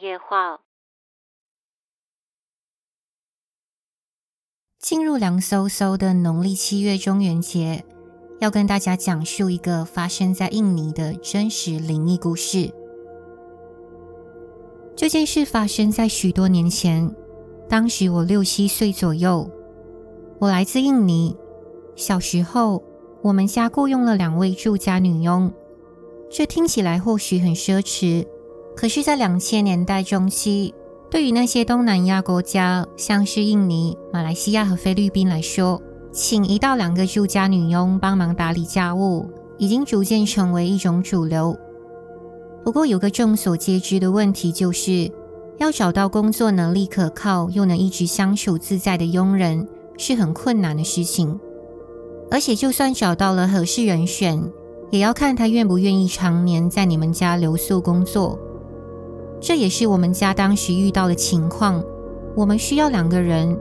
夜話。進入涼颼颼的農曆七月中元節，要跟大家講述一個發生在印尼的真實靈異故事。這件事發生在許多年前，當時我六七歲左右。我來自印尼，小時候我們家僱傭了兩位住家女傭。這聽起來或許很奢侈。可是，在兩千年代中期，對於那些東南亞國家，像是印尼、馬來西亞和菲律賓來說，請一到兩個住家女傭幫忙打理家務，已經逐漸成為一種主流。不過，有個眾所皆知的問題，就是要找到工作能力可靠又能一直相處自在的傭人是很困難的事情。而且，就算找到了合適人選，也要看他願不願意常年在你們家留宿工作。這也是我們家當時遇到的情況。我們需要兩個人，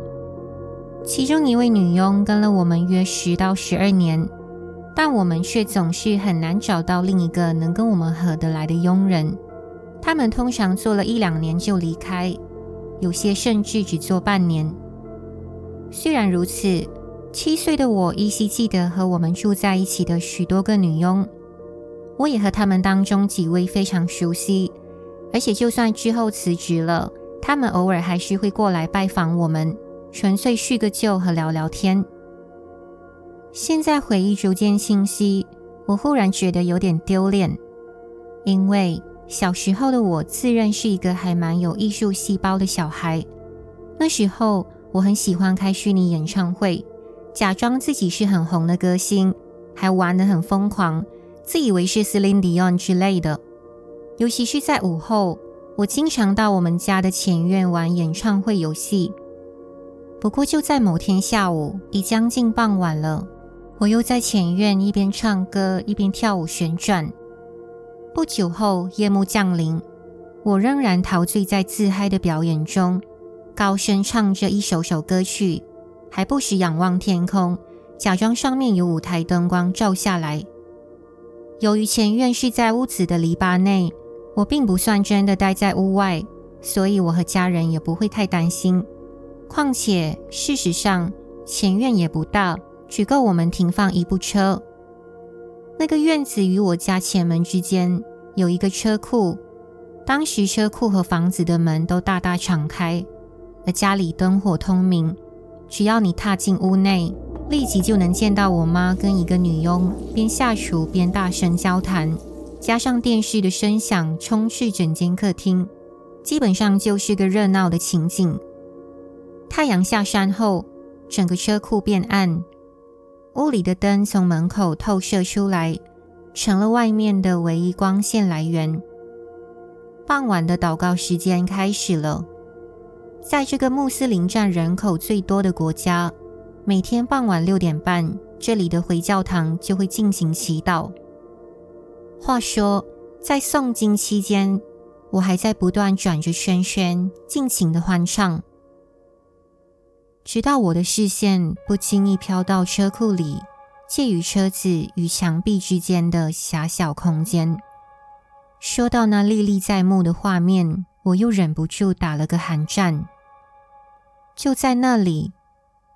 其中一位女傭跟了我們約十到十二年，但我們卻總是很難找到另一個能跟我們合得來的傭人。她們通常做了一兩年就離開，有些甚至只做半年。雖然如此，七歲的我依稀記得和我們住在一起的許多個女傭，我也和她們當中幾位非常熟悉。而且，就算之後辭職了，他們偶爾還是會過來拜訪我們，純粹敘個舊和聊聊天。現在回憶逐漸清晰，我忽然覺得有點丟臉，因為小時候的我自認是一個還蠻有藝術細胞的小孩，那時候我很喜歡開虛擬演唱會，假裝自己是很紅的歌星，還玩得很瘋狂，自以為是 Celine Dion 之類的。尤其是在午後，我經常到我們家的前院玩演唱會遊戲。不過就在某天下午，已將近傍晚了，我又在前院一邊唱歌一邊跳舞旋轉。不久後，夜幕降臨，我仍然陶醉在自嗨的表演中，高聲唱着一首首歌曲，還不時仰望天空，假裝上面有舞台燈光照下來。由於前院是在屋子的籬笆內。我並不算真的待在屋外，所以我和家人也不會太擔心。況且，事實上前院也不大，只夠我們停放一部車。那個院子與我家前門之間有一個車庫，當時車庫和房子的門都大大敞開，而家裡燈火通明。只要你踏進屋內，立即就能見到我媽跟一個女傭邊下廚邊大聲交談。加上電視的聲響，充斥整間客廳，基本上就是個熱鬧的情景。太陽下山後，整個車庫變暗，屋裡的燈從門口透射出來，成了外面的唯一光線來源。傍晚的禱告時間開始了。在這個穆斯林佔人口最多的國家，每天傍晚六點半，這裡的回教堂就會進行祈禱。話說，在誦經期間，我還在不斷轉着圈圈，盡情的歡唱，直到我的視線不經意飄到車庫裡介於車子與牆壁之間的狹小空間。說到那歷歷在目的畫面，我又忍不住打了個寒戰。就在那裡，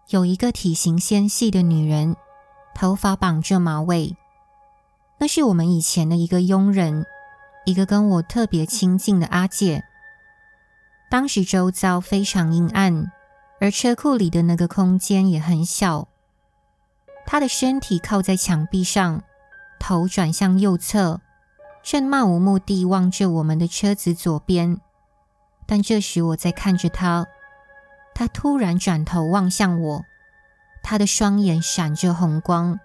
有一個體型纖細的女人，頭髮綁着馬尾。那是我們以前的一個傭人，一個跟我特別親近的阿姐。當時周遭非常陰暗，而車庫裡的那個空間也很小。她的身體靠在牆壁上，頭轉向右側，正漫無目的望着我們的車子左邊。但這時我在看着她，她突然轉頭望向我，她的雙眼閃着紅光。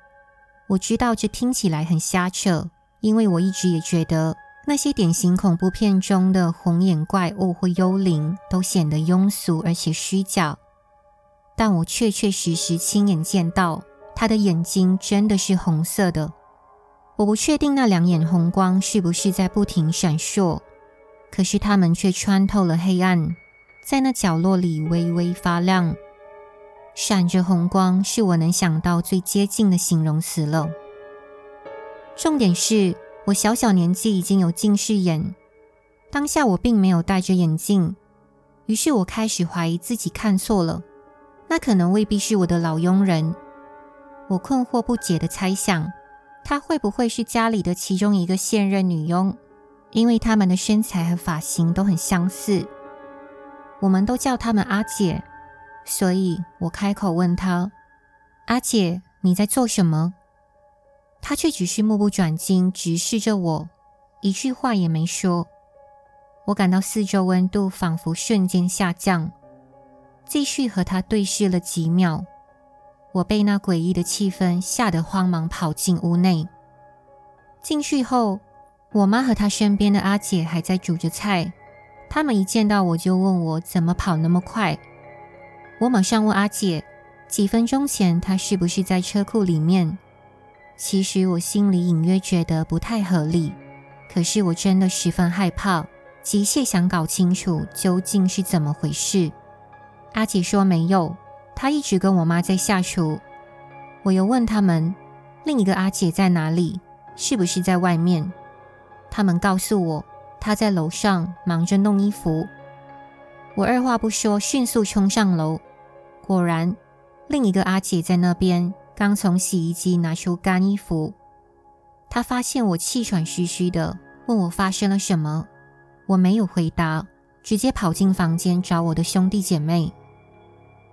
我知道這聽起來很瞎扯，因為我一直也覺得那些典型恐怖片中的紅眼怪物或幽靈都顯得庸俗而且虛假。但我確確實實親眼見到他的眼睛真的是紅色的。我不確定那兩眼紅光是不是在不停閃爍，可是它們卻穿透了黑暗，在那角落裡微微發亮。閃着紅光，是我能想到最接近的形容詞了。重點是，我小小年紀已經有近視眼，當下我並沒有戴着眼鏡，於是我開始懷疑自己看錯了，那可能未必是我的老傭人。我困惑不解的猜想，她會不會是家裡的其中一個現任女傭，因為她們的身材和髮型都很相似，我們都叫她們阿姐。所以我開口問他：“阿姐，你在做什麼？”他卻只是目不轉睛直視着我，一句話也沒說。我感到四周溫度仿佛瞬間下降，繼續和他對視了幾秒。我被那詭異的氣氛嚇得慌忙跑進屋內。進去後，我媽和他身邊的阿姐還在煮着菜，他們一見到我就問我怎麼跑那麼快。我馬上問阿姐，幾分鐘前她是不是在車庫裡面？其實我心裡隱約覺得不太合理，可是我真的十分害怕，急切想搞清楚究竟是怎麼回事。阿姐說沒有，她一直跟我媽在下廚。我又問他們另一個阿姐在哪裡，是不是在外面？他們告訴我她在樓上忙着弄衣服。我二話不說，迅速衝上樓。果然，另一個阿姐在那邊，剛從洗衣機拿出乾衣服。她發現我氣喘吁吁的，問我發生了什麼。我沒有回答，直接跑進房間找我的兄弟姐妹。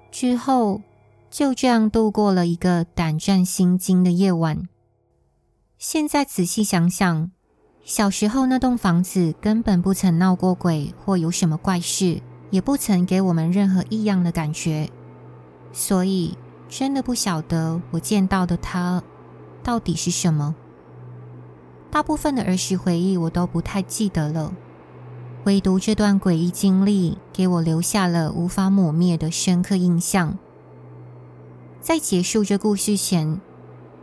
之後就這樣度過了一個膽戰心驚的夜晚。現在仔細想想，小時候那棟房子根本不曾鬧過鬼或有什麼怪事，也不曾給我們任何異樣的感覺，所以真的不曉得我見到的他到底是什麼。大部分的兒時回憶我都不太記得了，唯獨這段詭異經歷給我留下了無法抹滅的深刻印象。在結束這故事前，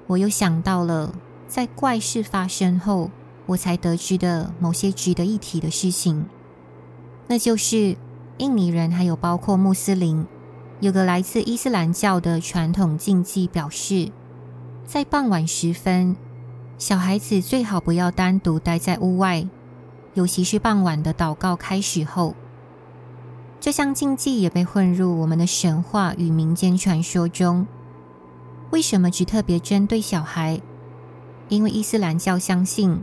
我又想到了在怪事發生後我才得知的某些值得一提的事情，那就是。印尼人還有包括穆斯林，有個來自伊斯蘭教的傳統禁忌，表示在傍晚時分，小孩子最好不要單獨待在屋外，尤其是傍晚的禱告開始後。這項禁忌也被混入我們的神話與民間傳說中。為什麼只特別針對小孩？因為伊斯蘭教相信，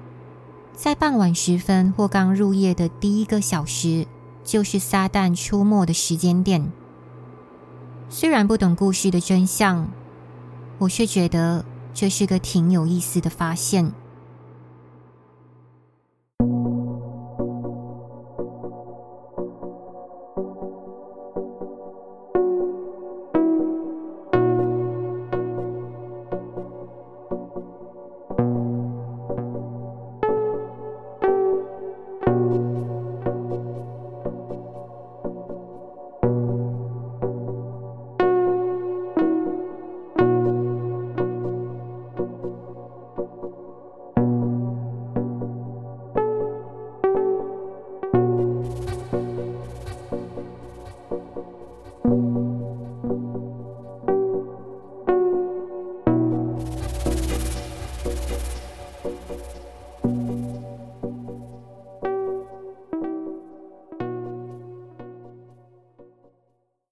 在傍晚時分或剛入夜的第一個小時，就是撒旦出沒的時間點。雖然不懂故事的真相，我卻覺得這是個挺有意思的發現。